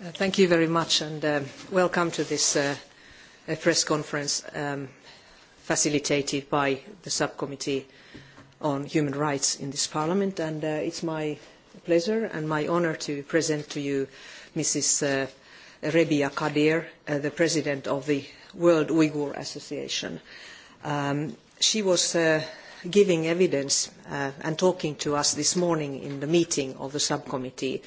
Uh, thank you very much and uh, welcome to this uh, press conference um, facilitated by the subcommittee on human rights in this parliament and uh, it's my pleasure and my honour to present to you Mrs. Uh, Rebia Kadir, uh, the president of the World Uyghur Association. Um, she was uh, giving evidence uh, and talking to us this morning in the meeting of the subcommittee uh,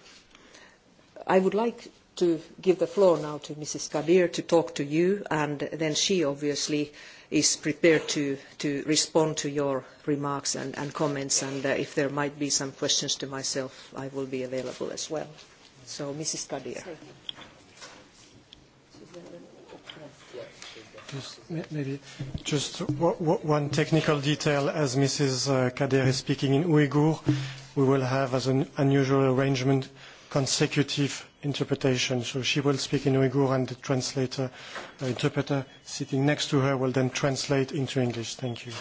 I would like to give the floor now to Mrs. Kabir to talk to you, and then she obviously is prepared to, to respond to your remarks and, and comments, and uh, if there might be some questions to myself, I will be available as well. So, Mrs. Kadir. Just, maybe just one technical detail. As Mrs. Uh, Kadir is speaking in Uyghur, we will have, as an unusual arrangement, consecutive interpretation. So she will speak in Uyghur and the translator, the uh, interpreter sitting next to her will then translate into English. Thank you.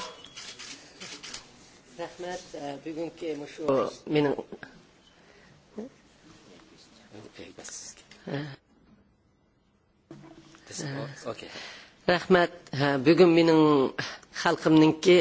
Rahmat, uh, bugünkü müşo minin Rahmat, bugün minin xalqimninki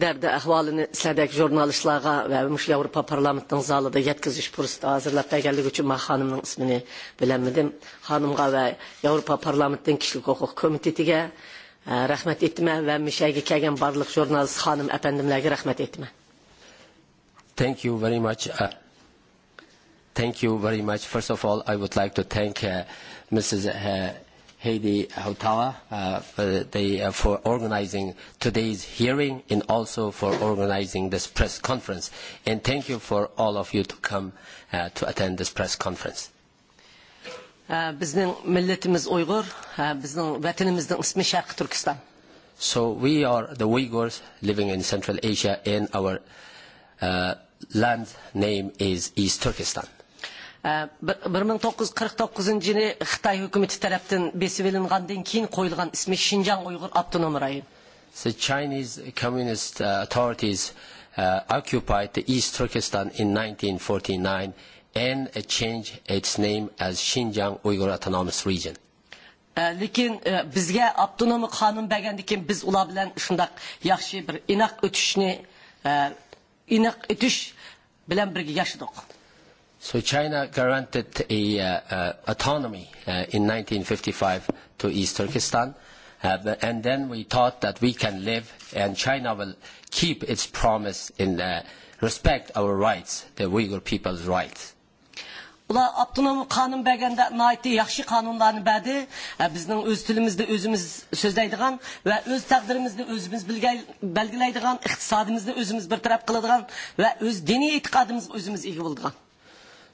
dardi əhvalını sədək jurnalistlara və müş Avropa parlamentinin zalida yetkazish fursati hozirlab berganligi üçün man xonimning ismini bilolmadim xonimga və Avropa parlamentinin kişilik huquq komitetiga e, rəhmət etmə və mishaga kelgan barlıq jurnalist xanım apandimlarga rəhmət etmə. thank you very much uh, thank you very much first of all i would like to thank uh, mrs uh, Heidi Hautala uh, for, the, uh, for organizing today's hearing and also for organizing this press conference. And thank you for all of you to come uh, to attend this press conference. Uh, Bizning uh, So we are the Uyghurs living in Central Asia and our uh, land name is East Turkestan bir ming to'qqiz yuz qirq to'qqizinchi yili xitoy hukumati tarafdan besib ilingandan keyin qo'yilgan ismi shinjang uyg'ur abtonom rayon the chinese communist uh, authorities uh, occupied the east turkestan in 1949 and uh, changed its name as xinjiang uyghur autonomous region э, lekin э, bizga abtonom qonun bergandan keyin biz ular bilan shundoq yaxshi bir inoq o'tishni э, inoq o'tish bilan birga yashadik So China granted a, uh, uh, autonomy uh, in 1955 to East Turkestan. Uh, and then we thought that we can live and China will keep its promise in uh, respect our rights, the Uyghur people's rights. Ular Abdunam qanun bergende naiti yaxshi qanunlarni berdi. Bizning o'z tilimizda o'zimiz so'zlaydigan va o'z taqdirimizni o'zimiz belgilaydigan, iqtisodimizni o'zimiz bir taraf qiladigan va o'z diniy e'tiqodimizga o'zimiz ega bo'ladigan.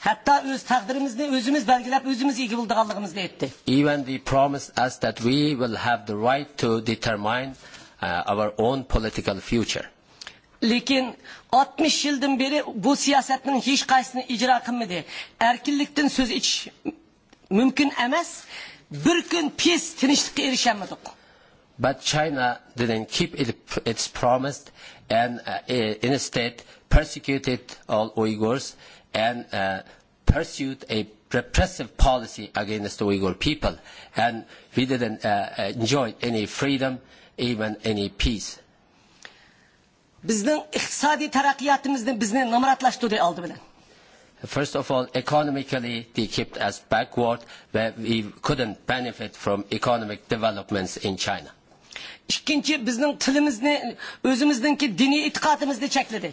Hatta öz takdirimizni özümüz belgilep özümüz iyi bulduğumuz etti. Even they promised us that we will have the right to determine uh, our own political future. Lekin 60 yıldan beri bu siyasetin hiç kaysını icra kılmadı. Erkinlikten söz iç mümkün emez. Bir gün pis tinçlikle erişemedik. But China didn't keep it, its promise and uh, instead persecuted all Uyghurs and uh, pursued a repressive policy against the Uyghur people. And we didn't uh, uh enjoy any freedom, even any peace. Bizning iqtisodiy taraqqiyotimizni bizni nomratlashtirdi oldi bilan. First of all, economically, they kept us backward, where we couldn't benefit from economic developments in China. İkinci, bizning tilimizni, o'zimizningki dini e'tiqodimizni chekladi.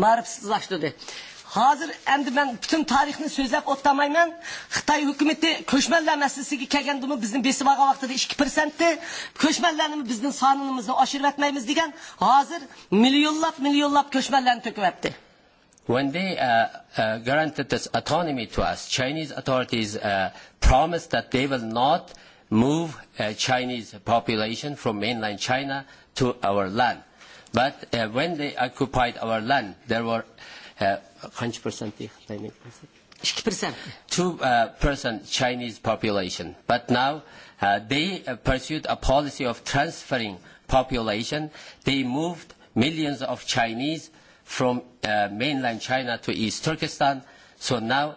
marifsizlaştırdı. Hazır endi mən bütün sözləb sözlep mən. Xitay hükümeti köşmeller meselesiga kelgende mi bizning besibaga vaqtida 2%ni, köşmellerni bizning sonimizni oshirib etmaymiz degan, hazır milyonlap milyonlap köşmellerni to'kyapti. When they uh, uh, granted this autonomy to us, Chinese authorities uh, promised that they will not move uh, Chinese population from mainland China to our land But uh, when they occupied our land, there were uh, 2% uh, percent Chinese population. But now uh, they uh, pursued a policy of transferring population. They moved millions of Chinese from uh, mainland China to East Turkestan. So now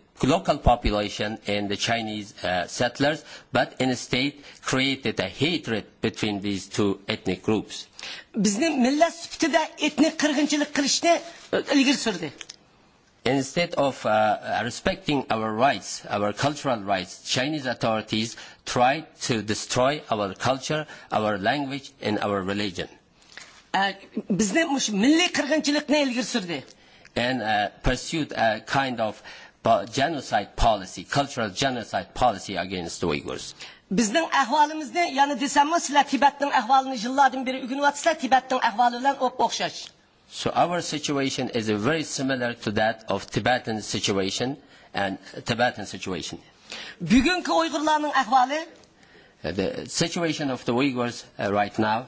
local population and the Chinese uh, settlers, but instead created a hatred between these two ethnic groups. E, instead of uh, uh, respecting our rights, our cultural rights, Chinese authorities tried to destroy our culture, our language, and our religion. E, and uh, pursued a kind of genocide policy, cultural genocide policy against the Uyghurs. Bizning ne? ya'ni desem sizlar Tibetning ahvolini yillardan beri o'rganyapsizlar, Tibetning ahvoli bilan o'xshash. So our situation is very similar to that of Tibetan situation and Tibetan situation. Bugungi Uyg'urlarning ahvoli uh, the situation of the Uyghurs uh, right now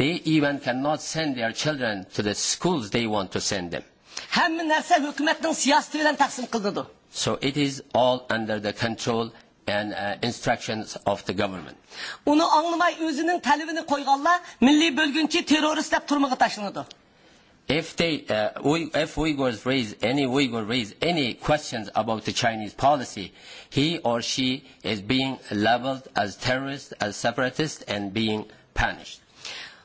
They even cannot send their children to the schools they want to send them. So it is all under the control and uh, instructions of the government. Uni anglamay o'zining talabini qo'yganlar milliy bo'lgunchi terrorist deb turmaga tashlanadi. If they, uh, we, if Uyghurs raise any Uyghur raise any questions about the Chinese policy, he or she is being labeled as terrorist, as separatist, and being punished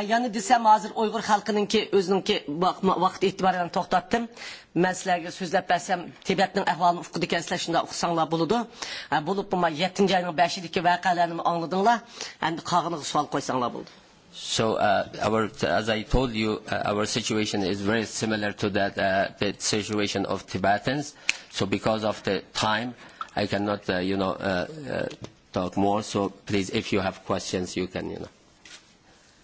yana desem hazır Uygur halkının ki özünün ki vakit itibariyle toxtattım. Mən sizlərə sözləb bəsəm Tibetnin əhvalını oxudu ki, sizlər şunda oxusanlar buludu. Bulub buma 7-ci ayının 5-idəki vəqələrini anladınlar. Əndi qağınıza sual qoysanlar buludu. So uh, our, as I told you, uh, our situation is very similar to that uh, the situation of Tibetans. So because of the time, I cannot, uh, you know, uh, uh, talk more. So please, if you have questions, you can, you know.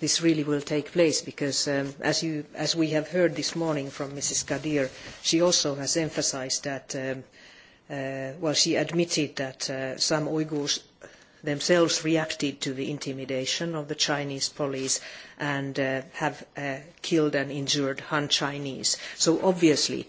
this really will take place because um, as, you, as, we have heard this morning from Mrs. Kadir, she also has emphasised that, um, uh, well, she admitted that uh, some Uyghurs themselves reacted to the intimidation of the Chinese police and uh, have uh, killed and injured Han Chinese. So obviously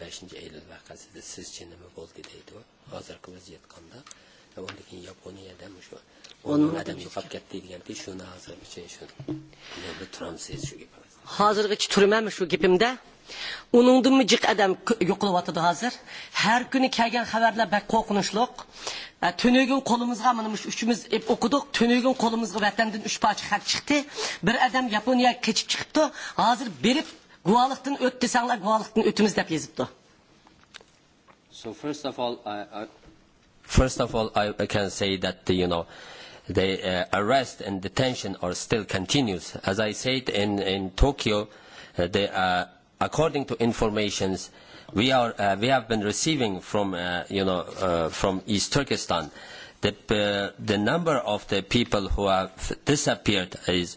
beshinchi iyul vaqasida sizchi nima bo'ldi deydi u hozirgi vaziyatqanda undan keyin yaponiyada shu o'n ming odam yo'qolib ketdi deganda shuni hozir shuni turamiz shu gapimiz hozirgacha turmam shu gapimda uningdimi jiq odam yo'qolyotidi hozir har kuni kelgan xabarlar bak qo'rqinchliq tunugun qo'limizga mana shu uchimiz o'qidik tunugun qo'limizga vatandan uch poch xat chiqdi bir odam yaponiyaga kechib chiqibdi hozir berib guvalıqtın öt desanglar guvalıqtın ötümüz dep yazıptı. So first of all, I, I, first of all, I can say that you know the uh, arrest and detention are still continues. As I said in in Tokyo, uh, they, uh, according to informations we are uh, we have been receiving from uh, you know uh, from East Turkestan, the uh, the number of the people who have disappeared is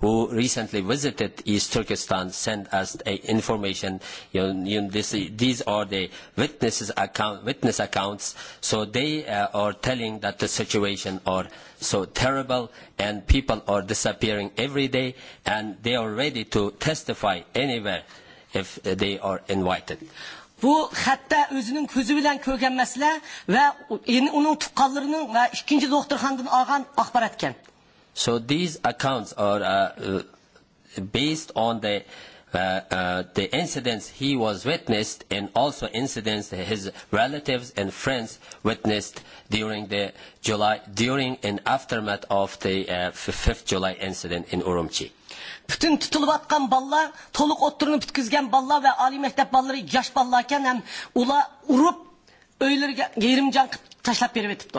who recently visited East Turkestan sent us information. You you this, these are the witnesses account, witness accounts. So they uh, are telling that the situation are so terrible and people are disappearing every day and they are ready to testify anywhere if they are invited. Bu hatta özünün közü bilen kögen mesele ve onun tukkallarının ve ikinci doktorhandan ağan akbaratken. So these accounts are uh, uh, based on the uh, uh, the incidents he was witnessed and also incidents that his relatives and friends witnessed during the July during and aftermath of the uh, 5th July incident in Urumqi. Bütün tutulup atkan ballar, toluk otturunu bitkizgen ballar ve ali mektep balları yaş ballarken hem ula urup öylere yerimcan taşlap beri vetipti.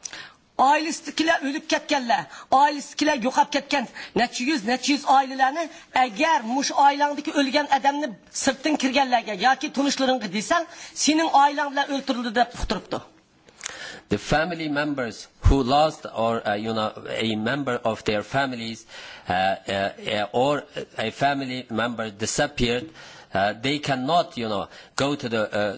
oilasidagilar o'lib ketganlar oilasidagilar yokap ketken, neçi yüz, neçi yüz ailelerini, eğer mush ailandaki ölgen odamni sirtdan kirgenlerge, ya ki desang sening senin bilan o'ltirildi de puhturuptu. the family members who lost or uh, you know a member of their families uh, uh, uh or a family member disappeared uh, they cannot you know go to the uh,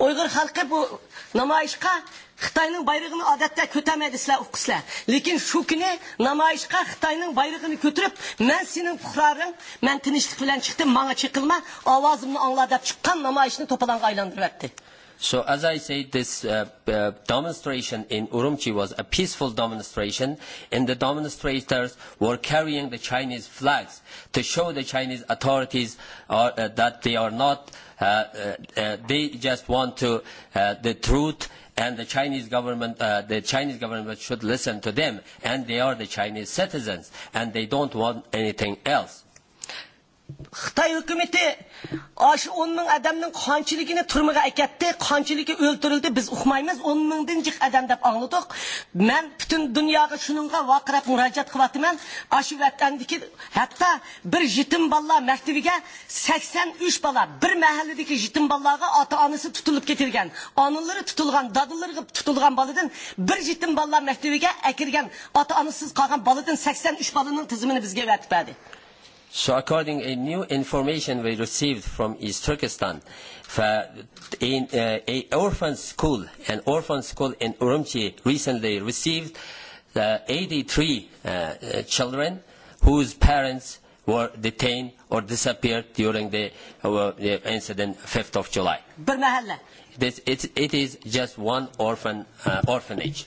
Uyghur halkı bu namayışka Xitayning bayrağını adette ko'tarmaydi sizlar o'qisizlar lekin şu günü namayışka xitoyning bayrağını ko'tarib man senin kurarın, man tinchlik bilan çıktım, bana çıkılma, avazımını anladıp çıkan namayışını topadan to'polonga aylantiryapti So as I say, this uh, uh, demonstration in Urumqi was a peaceful demonstration, and the demonstrators were carrying the Chinese flags to show the Chinese authorities are, uh, that they are not Uh, uh, uh, they just want to, the truth and the Chinese government, uh, the Chinese government should listen to them, and they are the Chinese citizens, and they don't want anything else xitoy hukumati shu o'n ming odamning qanchiligini turmaga akatdi qanchaligi o'ltirildi biz uqmaymiz o'n dincik jiq odam deb angladiq man butun dunyoga shunga vaqirab murojaat qilyapman shu vatandiki hatto bir yetim balla maktabiga 83 balla, bola bir mahalladagi yetim bolalarga ata onasi tutilib ketilgan onalari tutilgan dodilariga tutilgan boladan bir yetim balla maktabiga akirgan ota onasiz qolgan 83 sakson uch bolaning tizimini bizga vatibadi So according a new information we received from East Turkestan, in uh, a orphan school, an orphan school in Urumqi recently received uh, 83 uh, uh, children whose parents were detained or disappeared during the, uh, the incident 5th of July. This, it, it is just one orphan uh, orphanage.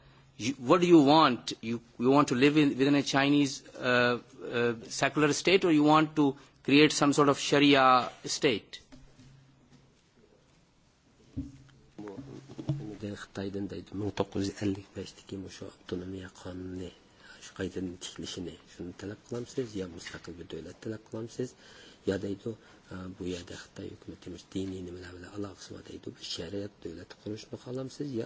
what do you want? You, you want to live in, within a Chinese uh, uh, secular state or you want to create some sort of Sharia state? xitoydan deydi ming to'qqiz yuz ellik avtonomiya qonuni shu qaytadan tiklishini shuni talab yo mustaqil bir davlat talab yo deydi bu yerda xitoy hukumati diniy nimalar bilan aloqasi bor deydi shariat davlat qurishni xohlamsiz yo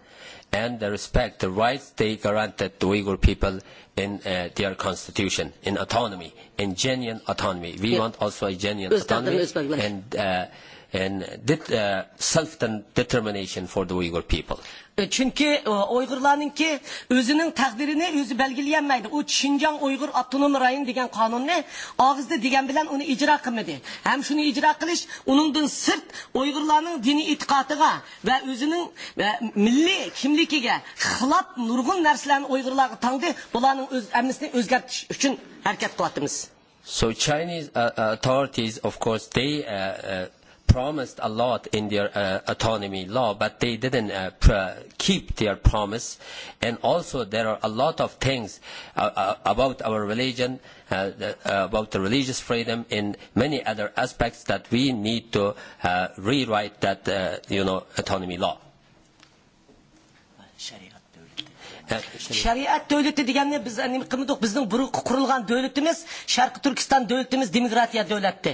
and the respect the rights they granted to Uyghur people in uh, their constitution, in autonomy, in genuine autonomy. We yeah. want also a genuine autonomy and uh, and det, uh, self-determination for the Uyghur people. E, çünkü e, Uygurların ki özünün takdirini özü belgileyemeydi. O Çincan Uygur Abdunum Rayın diyen kanun ne? Ağızda diyen bilen onu icra kımedi. Hem şunu icra kılış, onun da sırt Uygurların dini itikatıga ve özünün ve milli kimlikige hılat nurgun derslerini Uygurlarına tanıdı. Bunların öz, emnisini özgertiş için hareket kılattımız. So Chinese uh, uh, authorities of course they uh, uh, promised a lot in their uh, autonomy law, but they didn't uh, pr- keep their promise. And also, there are a lot of things uh, uh, about our religion, uh, the, uh, about the religious freedom, and many other aspects that we need to uh, rewrite that uh, you know autonomy law. шариат дәүләте дигәнне без әни кымдык безнең бүрек курылган дәүләтебез шәркы түркстан дәүләтебез демократия дәүләте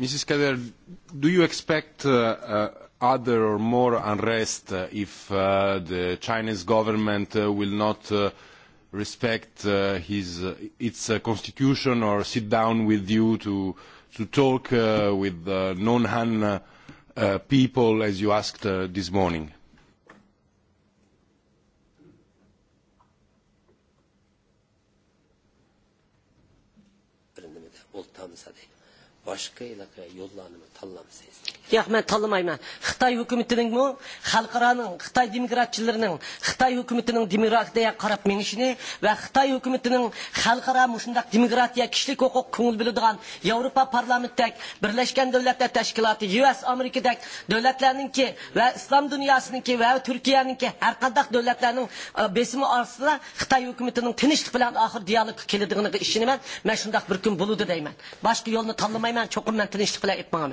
Mrs. Keller, do you expect uh, uh, other or more unrest uh, if the Chinese government will not respect his, its constitution or sit down with you to, to talk with the non-Han people as you asked this morning? başkayla ilaqqa yo'llarni tanlamsin yo'q man tanlamayman xitoy hukumatiningmi xalqaroning xitoy demokratchilarining xitoy hukumatining demokratiyaga qarab minishini va xitoy hukumatining xalqaro shundaq demokratiya kishilik huquq ko'ngil biladigan yevropa parlamentdak birlashgan davlatlar tashkiloti us amerikadak davlatlarningki va islom dunyosiniki va turkiyaniki har qanday davlatlarning e, besimi ostida xitoy hukumatining tinchlik bilan oxir dialogga keladiganiga ishonaman man shundaq bir kun bo'ludi deyman boshqa yo'lni tanlamayman cho'qim man tinchlik bilan aytmoqman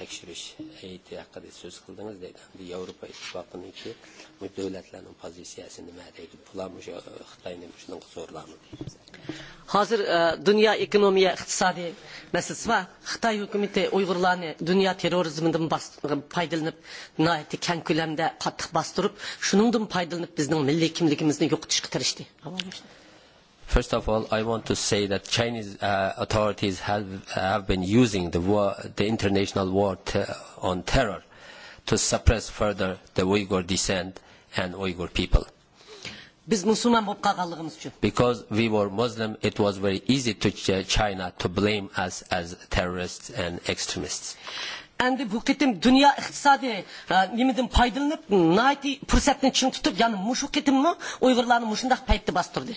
tekshirish heyti haqida so'z qildingiz deydi endi yevropa ittifoqiniki davlatlarning pozitsiyasi nima deydi bular o'sha e, xitoyni shunaqa zo'rlami hozir e, dunyo ekonomiya iqtisodiy masalasi bor xitoy hukumati uyg'urlarni dunyo terrorizmidan foydalanib e, nihoyatda kang ko'lamda qattiq bostirib shuningdan foydalanib bizning milliy kimligimizni yo'qotishga tirishdi First of all, I want to say that Chinese uh, authorities have, have been using the, war, the international war te on terror to suppress further the Uyghur descent and Uyghur people. Because we were Muslim, it was very easy to ch China to blame us as terrorists and extremists. endi bu ketim dünya iqtisadi e, nimadan foydalanib nayti fursatni ching tutib yana mushu ketimni uyg'urlarni mushundaq paytda bostirdi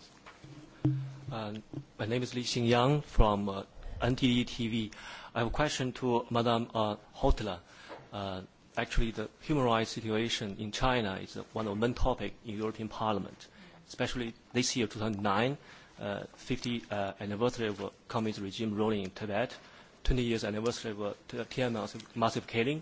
Um, my name is Li Xingyang from uh, NTD TV. I have a question to Madam uh, Uh, actually, the human rights situation in China is one of the main topics in European Parliament, especially this year, 2009, uh, 50 uh, anniversary of the uh, communist regime ruling in Tibet, 20 years anniversary of the uh, Tiananmen massive killing,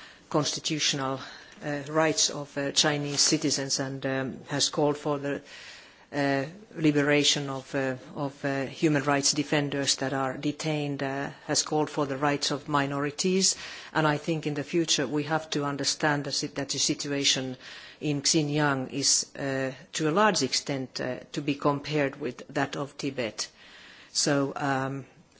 constitutional uh, rights of uh, Chinese citizens and um, has called for the Uh, liberation of, uh, of uh, human rights defenders that are detained uh, has called for the rights of minorities. And I think in the future we have to understand that the situation in Xinjiang is to a large extent to be compared with that of Tibet. So um,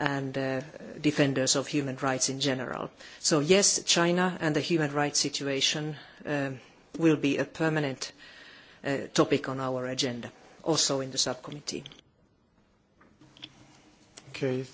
and uh, defenders of human rights in general. So yes, China and the human rights situation uh, will be a permanent uh, topic on our agenda, also in the subcommittee. Okay,